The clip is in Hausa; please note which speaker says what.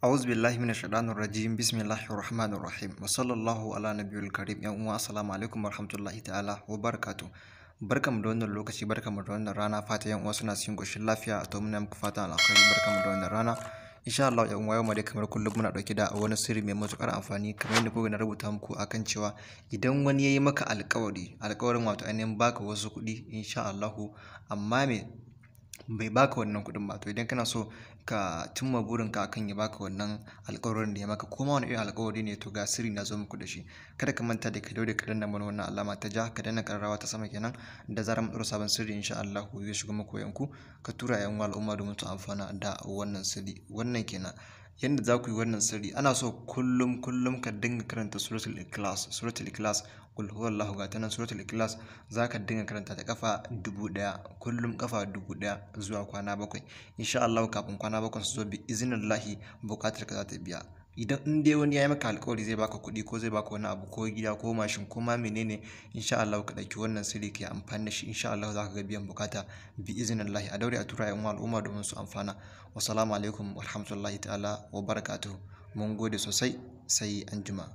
Speaker 1: A'udhu billahi minash shaitanir rajim. Bismillahir rahmanir rahim. Wa sallallahu ala nabiyil karim. Ya umma assalamu alaikum warahmatullahi ta'ala wa barakatuh. Barkamu da wannan lokaci, barkamu da wannan rana. Fata yan uwa suna cikin koshin lafiya. To muna muku fata alkhairi. Barkamu da wannan rana. Insha Allah ya uwa yau ma dai kamar kullum muna dauke da wani sirri mai matukar amfani kamar yadda kuka na rubuta muku akan cewa idan wani yayi maka alƙawari, alƙawarin wato ainihin baka wasu kuɗi insha Allah amma me bai baka wannan kuɗin ba to idan kana so ka cimma burinka akan ya baka wannan alƙawarin da ya maka ko ma wani irin alƙawari ne to ga sirri na zo muku da shi kada ka manta da ka da ka danna mana wannan alama ta ja ka danna karrawa ta sama kenan da zarar mu sabon sirri insha Allah zai shiga muku yanku ka tura yan al'umma domin su amfana da wannan sirri wannan kenan yadda za ku yi wannan sirri ana so kullum kullum ka dinga karanta suratul ikhlas suratul ikhlas kul huwallahu ga tanan suratul ikhlas za ka dinga karanta ta kafa dubu daya kullum kafa dubu daya zuwa kwana bakwai insha Allah kafin kwana bakwai su zo bi izinin lahi bukatar ka za ta biya idan in dai wani ya yi maka alkawari zai baka kuɗi ko zai baka wani abu ko gida ko mashin ko ma menene insha Allah ka ɗauki wannan sirri ka yi amfani da shi insha Allah za ka ga biyan bukata bi Allah a daure a tura yan al'umma domin su amfana salamu alaikum wa rahmatullahi ta'ala wa barakatuhu mun gode sosai sai anjima.